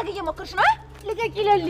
ለማድረግ እየሞከርሽ ነው? ልቀቂ ለሊ።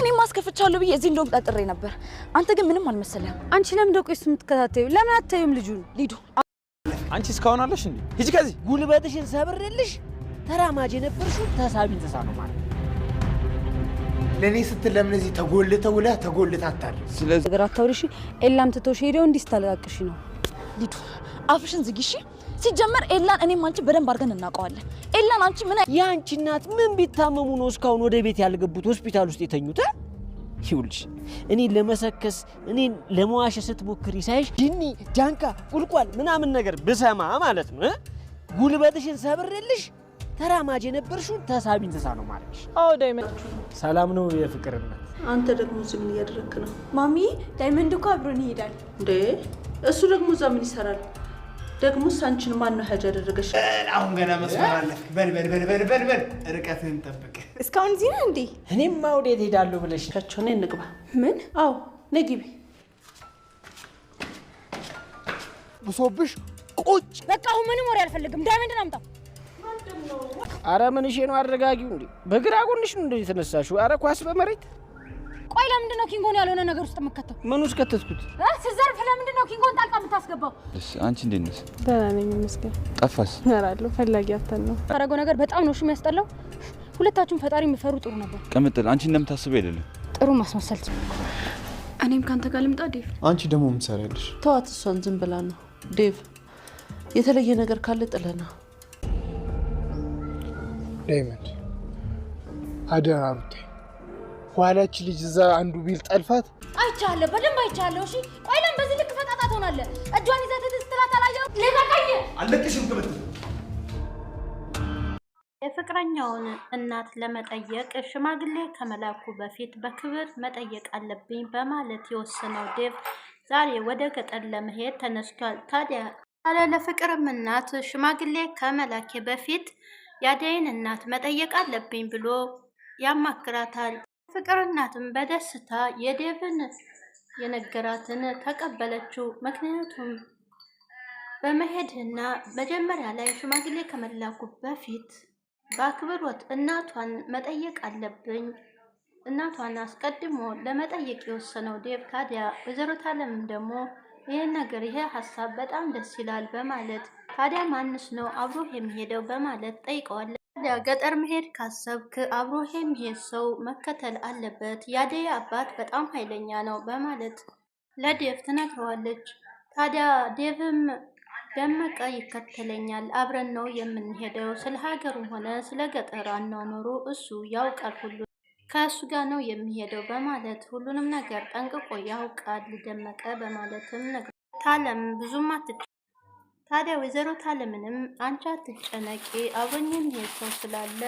እኔ ማስከፍቻለሁ ብዬ እዚህ እንደውም ጠጥሬ ነበር። አንተ ግን ምንም አልመሰለህም። አንቺ ለምን ደቆ እሱ የምትከታተዩ ለምን አታዩም ልጁን? ሊዱ አንቺ እስካሁን አለሽ እንዴ? ሂጂ ከዚህ ጉልበትሽን ሰብሬልሽ። ተራማጅ የነበርሽው ተሳቢን ተሳ ነው ማለት ለእኔ ስትል ለምን እዚህ ተጎልተው ውለህ ተጎልተህ አታድርም። ስለዚህ ነገር አታውሪሽ። ኤላም ትቶሽ ሄደው እንዲህ ስታለቃቅሽ ነው ሊዱ። አፍሽን ዝጊ ሲጀመር ኤላን እኔም አንቺ በደንብ አድርገን እናውቀዋለን። ኤላን አንቺ ምን የአንቺ እናት ምን ቢታመሙ ነው እስካሁን ወደ ቤት ያልገቡት ሆስፒታል ውስጥ የተኙት? ይኸውልሽ እኔ ለመሰከስ እኔ ለመዋሸ ስትሞክሪ ሳይሽ ድኒ ጃንካ ቁልቋል ምናምን ነገር ብሰማ ማለት ነው ጉልበትሽን ሰብሬልሽ ተራማጅ የነበርሽውን ተሳቢ እንስሳ ነው ማለትሽ። አዎ ዳይመንድ ሰላም ነው የፍቅር እናት። አንተ ደግሞ እዚህ ምን እያደረክ ነው? ማሚ ዳይመንድ እኮ አብሮን ይሄዳል እንዴ? እሱ ደግሞ እዛ ምን ይሰራል? ደግሞ ሳንችን ማን ነው ሀጅ ያደረገሽ? አሁን ገና መስመር አለፍክ። በል በል በል በል በል በል ርቀትህን ጠብቅ። እስካሁን እዚህ ነህ እንዴ? እኔም ወዴት ሄዳለሁ ብለሽ ቻቸው ነኝ። እንግባ። ምን? አዎ ነይ ግቢ። ብሶብሽ ቁጭ በቃ። አሁን ምንም ወሬ አልፈልግም። ዳይመንድ አምጣው። አረ ምን ምንሽ ነው? አረጋጊው እንዴ! በግራ ጎንሽ ነው እንዴ የተነሳሽው? አረ ኳስ በመሬት ቆይ። ለምንድን ነው ኪንጎን ያልሆነ ነገር ውስጥ የምከተው? ምን ውስጥ ከተትኩት? ትዝ አንተ ለምንድን ነው ኪንጎን ጣልቃ የምታስገባው? እሺ አንቺ እንዴት ነሽ? ደህና ነኝ ይመስገን። ጠፋሽ? እመራለሁ ፈላጊ አተን ነው ታረገው ነገር በጣም ነው እሺ የሚያስጠላው። ሁለታችሁም ፈጣሪ የሚፈሩ ጥሩ ነበር። ቅምጥል አንቺ እንደምታስበው አይደለም። ጥሩ ማስመሰል እኔም ካንተ ጋር ልምጣ ዴቭ። አንቺ ደግሞ ምን ተዋት፣ እሷን ዝም ብላ ነው ዴቭ። የተለየ ነገር ካለ ጥለና ዳይመንድ አደራ ሩቴ፣ ኋላችን ልጅ እዛ አንዱ ቢል ጠልፋት አይቻለሁ፣ በደንብ አይቻለሁ። እሺ ቆይ ለም እጇን ይዘህ አለቅሽም ክብት የፍቅረኛውን እናት ለመጠየቅ ሽማግሌ ከመላኩ በፊት በክብር መጠየቅ አለብኝ በማለት የወሰነው ዴቭ ዛሬ ወደ ገጠር ለመሄድ ተነስቷል። ታዲያ አለ ለፍቅርም እናት ሽማግሌ ከመላኬ በፊት ያደይን እናት መጠየቅ አለብኝ ብሎ ያማክራታል። ፍቅር እናትም በደስታ የዴቭን የነገራትን ተቀበለችው። ምክንያቱም በመሄድና መጀመሪያ ላይ ሽማግሌ ከመላኩ በፊት በአክብሮት እናቷን መጠየቅ አለብኝ። እናቷን አስቀድሞ ለመጠየቅ የወሰነው ዴቭ ታዲያ ወይዘሮት አለም ደግሞ ይህን ነገር ይሄ ሀሳብ በጣም ደስ ይላል በማለት ታዲያ ማንስ ነው አብሮ የሚሄደው በማለት ጠይቀዋል። ታዲያ ገጠር መሄድ ካሰብክ አብሮ የሚሄድ ሰው መከተል አለበት፣ የአደይ አባት በጣም ኃይለኛ ነው በማለት ለዴቭ ትነግረዋለች። ታዲያ ዴቭም ደመቀ ይከተለኛል፣ አብረን ነው የምንሄደው፣ ስለ ሀገሩም ሆነ ስለ ገጠር አኗኗሩ እሱ ያውቃል፣ ሁሉ ከእሱ ጋር ነው የሚሄደው በማለት ሁሉንም ነገር ጠንቅቆ ያውቃል ደመቀ በማለትም ነገር ታለም ብዙም አትች ታዲያ ወይዘሮ ታለምንም አንቺ አትጨነቂ፣ አብሮኝ ሰው ስላለ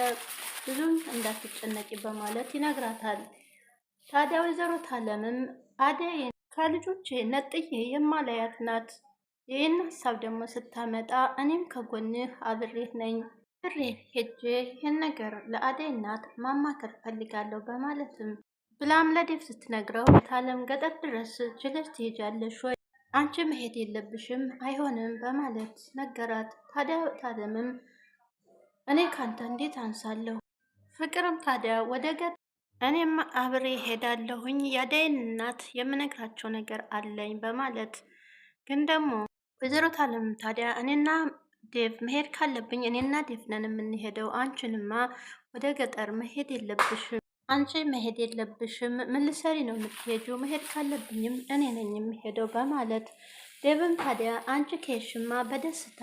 ብዙም እንዳትጨነቂ በማለት ይነግራታል። ታዲያ ወይዘሮ ታለምም አደይ ከልጆቼ ነጥዬ የማላያት ናት። ይህን ሀሳብ ደግሞ ስታመጣ እኔም ከጎንህ አብሬህ ነኝ ብሬ ሄጄ ይህን ነገር ለአደይ እናት ማማከር ፈልጋለሁ በማለትም ብላም ለዴፍ ስትነግረው ታለም ገጠር ድረስ ችለሽ ትሄጃለሽ ወይ አንቺ መሄድ የለብሽም አይሆንም በማለት ነገራት። ታዲያ ታደምም እኔ ካንተ እንዴት አንሳለሁ? ፍቅርም ታዲያ ወደ ገ እኔም አብሬ ሄዳለሁኝ የአደይን እናት የምነግራቸው ነገር አለኝ በማለት ግን ደግሞ ወይዘሮ ታዲያ እኔና ዴቭ መሄድ ካለብኝ እኔና ዴቭ ነን የምንሄደው። አንቺንማ ወደ ገጠር መሄድ የለብሽም አንቺ መሄድ የለብሽም ምን ልሰሪ ነው የምትሄጂው? መሄድ ካለብኝም እኔ ነኝ የምሄደው በማለት ደብም ታዲያ አንቺ ከሽማ በደስታ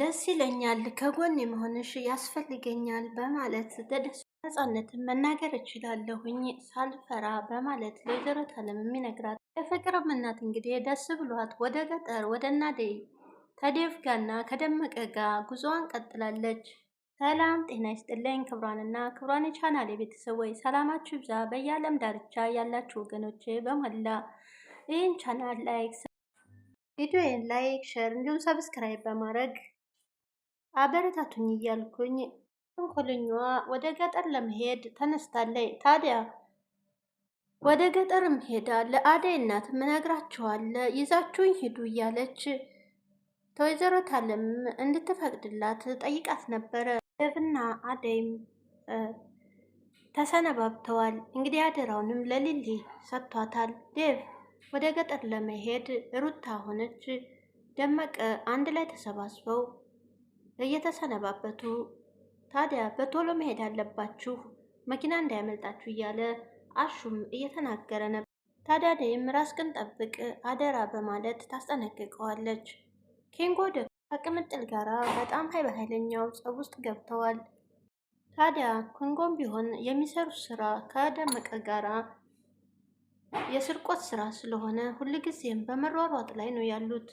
ደስ ይለኛል፣ ከጎን መሆንሽ ያስፈልገኛል በማለት በደስ ነጻነትን መናገር እችላለሁኝ ሳልፈራ በማለት ለወይዘሮ ታለም የሚነግራት የፍቅርም እናት እንግዲህ ደስ ብሏት ወደ ገጠር ወደ እናዴ ከዴቭ ጋርና ከደመቀ ጋ ጉዞዋን ቀጥላለች። ሰላም ጤና ይስጥልኝ። ክብሯንና ክብሯን የቻናል የቤተሰቦች ሰላማችሁ ይብዛ። በየዓለም ዳርቻ ያላችሁ ወገኖች በሞላ ይህን ቻናል ላይክ፣ ቪዲዮን ላይክ፣ ሸር እንዲሁም ሰብስክራይብ በማድረግ አበረታቱኝ እያልኩኝ ተንኮለኛዋ ወደ ገጠር ለመሄድ ተነስታለች። ታዲያ ወደ ገጠርም ሄዳ ለአደይ እናት ምነግራችኋለሁ ይዛችሁኝ ሂዱ እያለች ተወይዘሮ ታለም እንድትፈቅድላት ጠይቃት ነበረ። እብና አደይም ተሰነባብተዋል። እንግዲህ አደራውንም ለሊሊ ሰጥቷታል። ዴቭ ወደ ገጠር ለመሄድ ሩታ ሆነች ደመቀ አንድ ላይ ተሰባስበው እየተሰነባበቱ ታዲያ በቶሎ መሄድ አለባችሁ መኪና እንዳያመልጣችሁ እያለ አሹም እየተናገረ ነበር። ታዲያ ደይም ግን ጠብቅ አደራ በማለት ታስጠነቅቀዋለች። ኬንጎ ከቅምጥል ጋር በጣም ኃይለኛው ጸብ ውስጥ ገብተዋል። ታዲያ ኩንጎም ቢሆን የሚሰሩት ስራ ከደመቀ ጋራ የስርቆት ስራ ስለሆነ ሁልጊዜም በመሯሯጥ ላይ ነው ያሉት።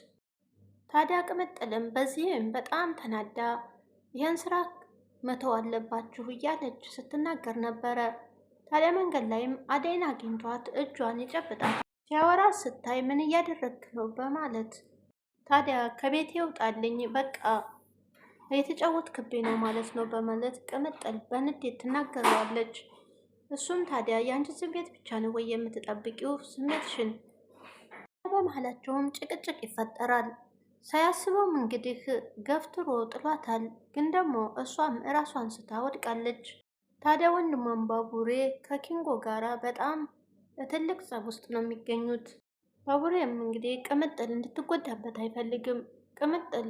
ታዲያ ቅምጥልም በዚህም በጣም ተናዳ ይህን ስራ መተው አለባችሁ እያለች ስትናገር ነበረ። ታዲያ መንገድ ላይም አደይን አግኝቷት እጇን ይጨብጣል። ሲያወራ ስታይ ምን እያደረግክ ነው በማለት ታዲያ ከቤቴ ይውጣልኝ በቃ ክቤ ነው ማለት ነው በማለት ቅምጥል በንዴት ትናገረዋለች። እሱም ታዲያ የአንቺ ስሜት ብቻ ነው ወይ የምትጠብቂው? ስሜትሽን በመሀላቸውም ጭቅጭቅ ይፈጠራል። ሳያስበውም እንግዲህ ገፍትሮ ጥሏታል። ግን ደግሞ እሷም እራሷን ወድቃለች። ታዲያ ወንድሟን ባቡሬ ከኪንጎ ጋራ በጣም ትልቅ ጸብ ውስጥ ነው የሚገኙት። ባቡሬም እንግዲህ ቅምጥል እንድትጎዳበት አይፈልግም። ቅምጥል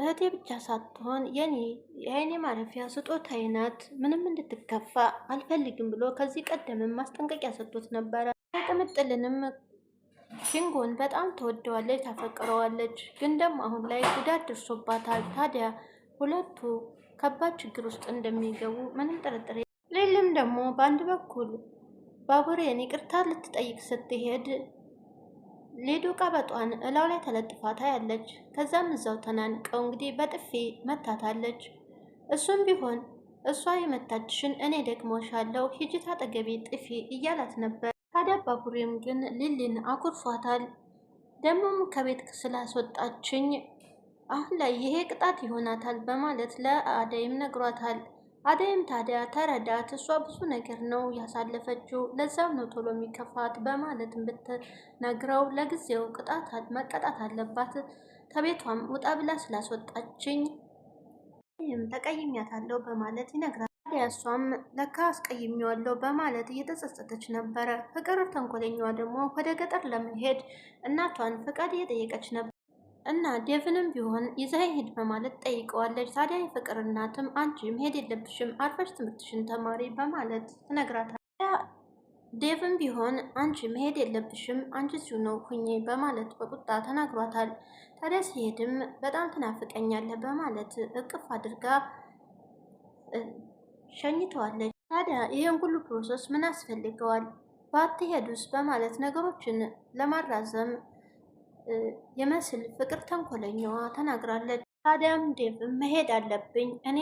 እህቴ ብቻ ሳትሆን የኔ የአይኔ ማረፊያ ስጦታዬ ናት፣ ምንም እንድትከፋ አልፈልግም ብሎ ከዚህ ቀደምም ማስጠንቀቂያ ሰጥቶት ነበረ። ቅምጥልንም ሽንጎን በጣም ተወደዋለች፣ ታፈቅረዋለች። ግን ደግሞ አሁን ላይ ጉዳት ደርሶባታል። ታዲያ ሁለቱ ከባድ ችግር ውስጥ እንደሚገቡ ምንም ጥርጥር ሌልም ደግሞ በአንድ በኩል ባቡሬን ይቅርታ ልትጠይቅ ስትሄድ ሌዱ ቀበጧን እላው ላይ ተለጥፋ ታያለች። ከዛም እዛው ተናንቀው እንግዲህ በጥፊ መታታለች። እሱም ቢሆን እሷ የመታችሽን እኔ ሻለው ሂጂ ታጠገቤ ጥፊ እያላት ነበር። ታዲያ ባቡሬም ግን ሊሊን አኩርፏታል። ደግሞም ከቤት ስላስወጣችኝ አሁን ላይ ይሄ ቅጣት ይሆናታል በማለት ለአደይም ነግሯታል። አደይም ታዲያ ተረዳት። እሷ ብዙ ነገር ነው ያሳለፈችው፣ ለዛም ነው ቶሎ የሚከፋት በማለትም ብትነግረው ለጊዜው ቅጣት መቀጣት አለባት፣ ከቤቷም ውጣ ብላ ስላስወጣችኝ ተቀይሜያታለሁ በማለት ይነግራል። ታዲያ እሷም ለካ አስቀይሜዋለሁ በማለት እየተጸጸተች ነበረ። ፍቅር ተንኮለኛዋ ደግሞ ወደ ገጠር ለመሄድ እናቷን ፈቃድ እየጠየቀች ነበር። እና ዴቭንም ቢሆን ይዘህ ሂድ በማለት ጠይቀዋለች። ታዲያ የፍቅር እናትም አንቺ መሄድ የለብሽም አርፈሽ ትምህርትሽን ተማሪ በማለት ትነግራታለች። ዴቭም ቢሆን አንቺ መሄድ የለብሽም አንቺ ሲሁ ነው ሁኚ በማለት በቁጣ ተናግሯታል። ታዲያ ሲሄድም በጣም ትናፍቀኛለህ በማለት እቅፍ አድርጋ ሸኝተዋለች። ታዲያ ይህን ሁሉ ፕሮሰስ ምን አስፈልገዋል ባትሄዱስ በማለት ነገሮችን ለማራዘም የመስል ፍቅር ተንኮለኛዋ ተናግራለች። ታዲያም ዴቭ መሄድ አለብኝ እኔ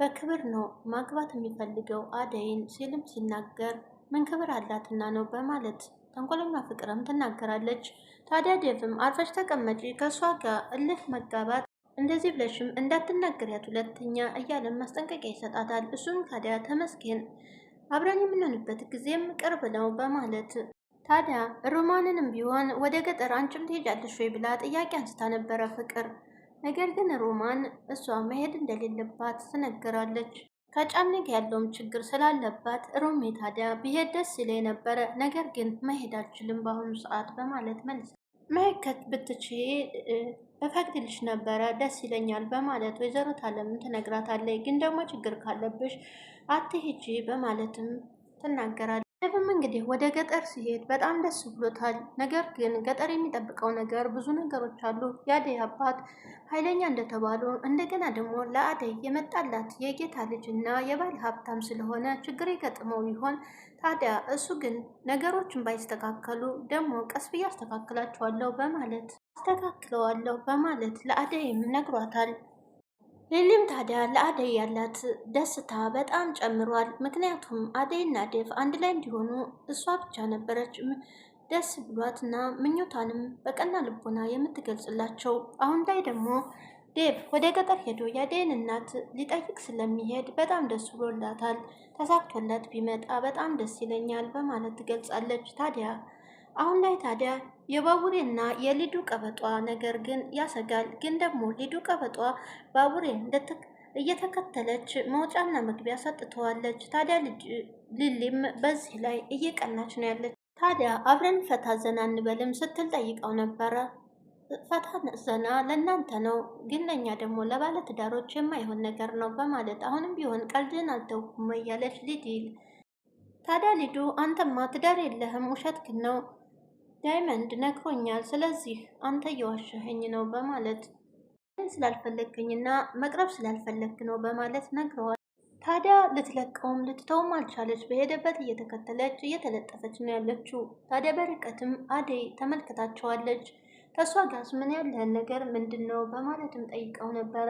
በክብር ነው ማግባት የሚፈልገው አደይን ሲልም ሲናገር ምን ክብር አላትና ነው በማለት ተንኮለኛ ፍቅርም ትናገራለች። ታዲያ ዴቭም አርፈሽ ተቀመጪ ከእሷ ጋር እልህ መጋባት እንደዚህ ብለሽም እንዳትናገሪያት ሁለተኛ እያለም ማስጠንቀቂያ ይሰጣታል። እሱም ታዲያ ተመስገን አብረን የምንሆንበት ጊዜም ቅርብ ነው በማለት ታዲያ ሮማንንም ቢሆን ወደ ገጠር አንቺም ትሄጃለሽ ወይ ብላ ጥያቄ አንስታ ነበረ ፍቅር። ነገር ግን ሮማን እሷ መሄድ እንደሌለባት ትነግራለች። ከጫንግ ያለውም ችግር ስላለባት ሮሜ ታዲያ ብሄድ ደስ ይለኝ ነበረ፣ ነገር ግን መሄድ አልችልም በአሁኑ ሰዓት በማለት መልስ መሄድ ብትች በፈቅድልሽ ነበረ ደስ ይለኛል በማለት ወይዘሮ ታለምን ትነግራታለች። ግን ደግሞ ችግር ካለብሽ አትሄጂ በማለትም ትናገራለች። ይህም እንግዲህ ወደ ገጠር ሲሄድ በጣም ደስ ብሎታል። ነገር ግን ገጠር የሚጠብቀው ነገር ብዙ ነገሮች አሉ። የአደይ አባት ኃይለኛ እንደተባሉ እንደገና ደግሞ ለአደይ የመጣላት የጌታ ልጅ እና የባል ሀብታም ስለሆነ ችግር የገጥመው ይሆን ታዲያ? እሱ ግን ነገሮችን ባይስተካከሉ ደግሞ ቀስ ብዬ አስተካክላቸዋለሁ በማለት አስተካክለዋለሁ በማለት ለአደይም ነግሯታል። ሊሊም ታዲያ ለአደይ ያላት ደስታ በጣም ጨምሯል። ምክንያቱም አደይና ዴቭ አንድ ላይ እንዲሆኑ እሷ ብቻ ነበረች ደስ ብሏትና ምኞቷንም በቀና ልቦና የምትገልጽላቸው። አሁን ላይ ደግሞ ዴቭ ወደ ገጠር ሄዶ የአደይን እናት ሊጠይቅ ስለሚሄድ በጣም ደስ ብሎላታል። ተሳክቶላት ቢመጣ በጣም ደስ ይለኛል በማለት ትገልጻለች ታዲያ አሁን ላይ ታዲያ የባቡሬና የሊዱ ቀበጧ ነገር ግን ያሰጋል። ግን ደግሞ ሊዱ ቀበጧ ባቡሬ እየተከተለች መውጫና መግቢያ ሰጥተዋለች። ታዲያ ሊሊም በዚህ ላይ እየቀናች ነው ያለች። ታዲያ አብረን ፈታ ዘና እንበልም ስትል ጠይቀው ነበረ። ፈታ ዘና ለእናንተ ነው፣ ግን ለእኛ ደግሞ ለባለትዳሮች የማይሆን ነገር ነው በማለት አሁንም ቢሆን ቀልድን አልተውኩም እያለች ሊዲል ታዲያ ሊዱ አንተማ ትዳር የለህም ግን ነው ዳይመንድ ነግሮኛል። ስለዚህ አንተ እየዋሸኸኝ ነው በማለት ስላልፈለግኝና መቅረብ ስላልፈለግክ ነው በማለት ነግረዋል። ታዲያ ልትለቀውም ልትተውም አልቻለች። በሄደበት እየተከተለች እየተለጠፈች ነው ያለችው። ታዲያ በርቀትም አደይ ተመልክታቸዋለች። ከእሷ ጋስ ምን ያለህን ነገር ምንድን ነው በማለትም ጠይቀው ነበረ።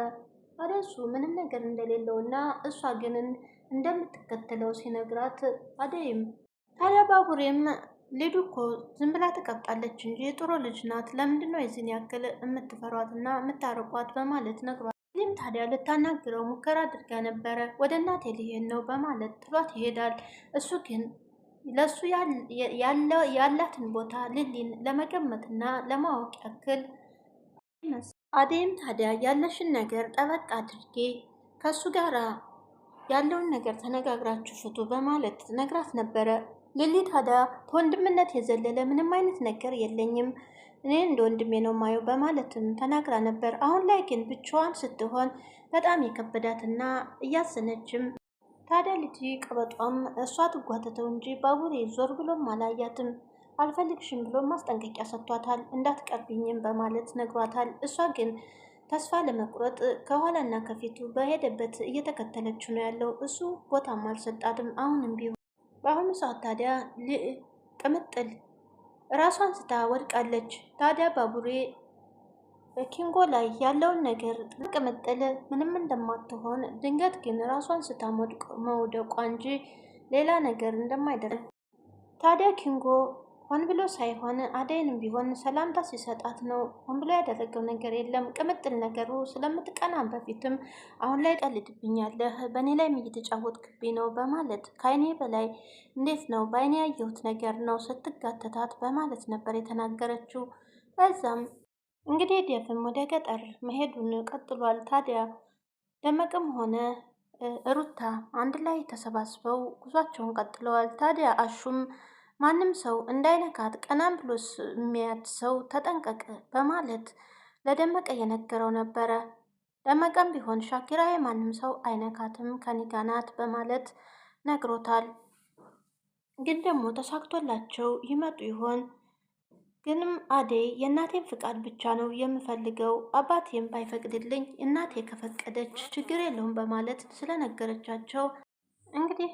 ታዲያ እሱ ምንም ነገር እንደሌለው እና እሷ ግን እንደምትከተለው ሲነግራት አደይም ታዲያ ባቡሬም ሊዱ እኮ ዝም ብላ ተቀብጣለች እንጂ የጥሩ ልጅ ናት። ለምንድን ነው የዚህን ያክል የምትፈሯትና የምታርቋት? በማለት ነግሯል። ሊም ታዲያ ልታናግረው ሙከራ አድርጋ ነበረ። ወደ እናቴ ሊሄድ ነው በማለት ጥሏት ይሄዳል። እሱ ግን ለእሱ ያላትን ቦታ ሊሊን ለመገመትና ለማወቅ ያክል አዴም ታዲያ ያለሽን ነገር ጠበቅ አድርጌ ከእሱ ጋራ ያለውን ነገር ተነጋግራችሁ ፍቱ በማለት ነግራት ነበረ። ልሊ ታዲያ ከወንድምነት የዘለለ ምንም አይነት ነገር የለኝም እኔ እንደ ወንድሜ ነው ማየው በማለትም ተናግራ ነበር። አሁን ላይ ግን ብቻዋን ስትሆን በጣም የከበዳትና እያዘነችም ታዲያ ልጅ ቀበጧም እሷ ትጓተተው እንጂ ባቡሬ ዞር ብሎም አላያትም። አልፈልግሽም ብሎም ማስጠንቀቂያ ሰጥቷታል። እንዳትቀርብኝም በማለት ነግሯታል። እሷ ግን ተስፋ ለመቁረጥ ከኋላና ከፊቱ በሄደበት እየተከተለችው ነው ያለው። እሱ ቦታም አልሰጣትም። አሁንም ቢሆን በአሁኑ ሰዓት ታዲያ ቅምጥል ራሷን ስታ ወድቃለች። ታዲያ ባቡሬ ኪንጎ ላይ ያለውን ነገር ቅምጥል ምንም እንደማትሆን ድንገት ግን ራሷን ስታ መውደቋ እንጂ ሌላ ነገር እንደማይደረግ ታዲያ ኪንጎ ሆን ብሎ ሳይሆን አደይንም ቢሆን ሰላምታ ሲሰጣት ነው። ሆን ብሎ ያደረገው ነገር የለም። ቅምጥል ነገሩ ስለምትቀናም በፊትም አሁን ላይ ቀልድብኛለህ፣ በእኔ ላይም ክቤ ነው በማለት ከአይኔ በላይ እንዴት ነው በአይኔ ያየሁት ነገር ነው ስትጋተታት በማለት ነበር የተናገረችው። በዛም እንግዲህ ዴቭም ወደ ገጠር መሄዱን ቀጥሏል። ታዲያ ደመቅም ሆነ ሩታ አንድ ላይ ተሰባስበው ጉዟቸውን ቀጥለዋል። ታዲያ አሹም ማንም ሰው እንዳይነካት ቀናም ብሎ የሚያት ሰው ተጠንቀቅ በማለት ለደመቀ የነገረው ነበረ። ደመቀም ቢሆን ሻኪራ የማንም ሰው አይነካትም ከኒጋናት በማለት ነግሮታል። ግን ደግሞ ተሳክቶላቸው ይመጡ ይሆን? ግንም አዴ የእናቴን ፍቃድ ብቻ ነው የምፈልገው፣ አባቴም ባይፈቅድልኝ እናቴ ከፈቀደች ችግር የለውም በማለት ስለነገረቻቸው እንግዲህ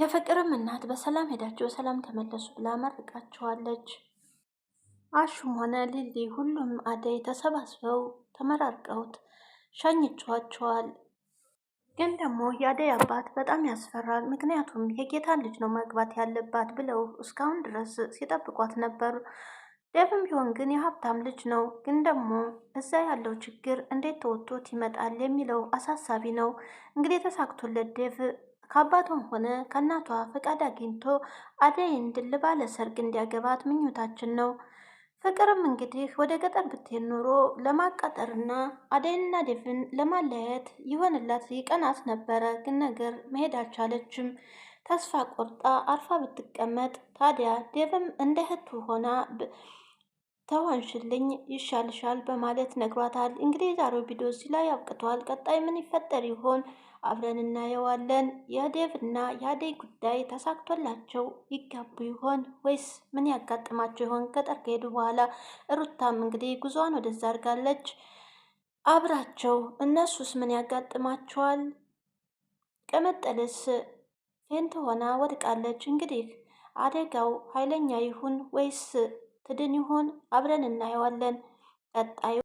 የፍቅርም እናት በሰላም ሄዳችሁ በሰላም ተመለሱ ብላ መርቃችኋለች። አሹም ሆነ ሊሊ ሁሉም አደይ ተሰባስበው ተመራርቀውት ሸኝቸዋቸዋል። ግን ደግሞ የአደይ አባት በጣም ያስፈራል። ምክንያቱም የጌታን ልጅ ነው መግባት ያለባት ብለው እስካሁን ድረስ ሲጠብቋት ነበር። ደብም ቢሆን ግን የሀብታም ልጅ ነው። ግን ደግሞ እዛ ያለው ችግር እንዴት ተወጥቶት ይመጣል የሚለው አሳሳቢ ነው። እንግዲህ ተሳክቶለት ደብ ከአባቷም ሆነ ከእናቷ ፈቃድ አግኝቶ አደይን ድል ባለ ሰርግ እንዲያገባት ምኞታችን ነው። ፍቅርም እንግዲህ ወደ ገጠር ብትሄድ ኖሮ ለማቃጠርና አደይንና ዴቭን ለማለያየት ይሆንላት ይቀናት ነበረ። ግን ነገር መሄድ አልቻለችም። ተስፋ ቆርጣ አርፋ ብትቀመጥ ታዲያ ዴቭም እንደ እህቱ ሆና ተዋንሽልኝ ይሻልሻል በማለት ነግሯታል። እንግዲህ የዛሬው ቪዲዮ እዚህ ላይ አብቅቷል። ቀጣይ ምን ይፈጠር ይሆን? አብረን እናየዋለን። የዴቭ እና የአደይ ጉዳይ ተሳክቶላቸው ይጋቡ ይሆን ወይስ ምን ያጋጥማቸው ይሆን? ገጠር ከሄዱ በኋላ ሩታም እንግዲህ ጉዞዋን ወደዛ አድርጋለች። አብራቸው እነሱስ ምን ያጋጥማቸዋል? ቅምጥልስ ፌንት ሆና ወድቃለች። እንግዲህ አደጋው ኃይለኛ ይሁን ወይስ ትድን ይሆን? አብረን እናየዋለን። ቀጣዩ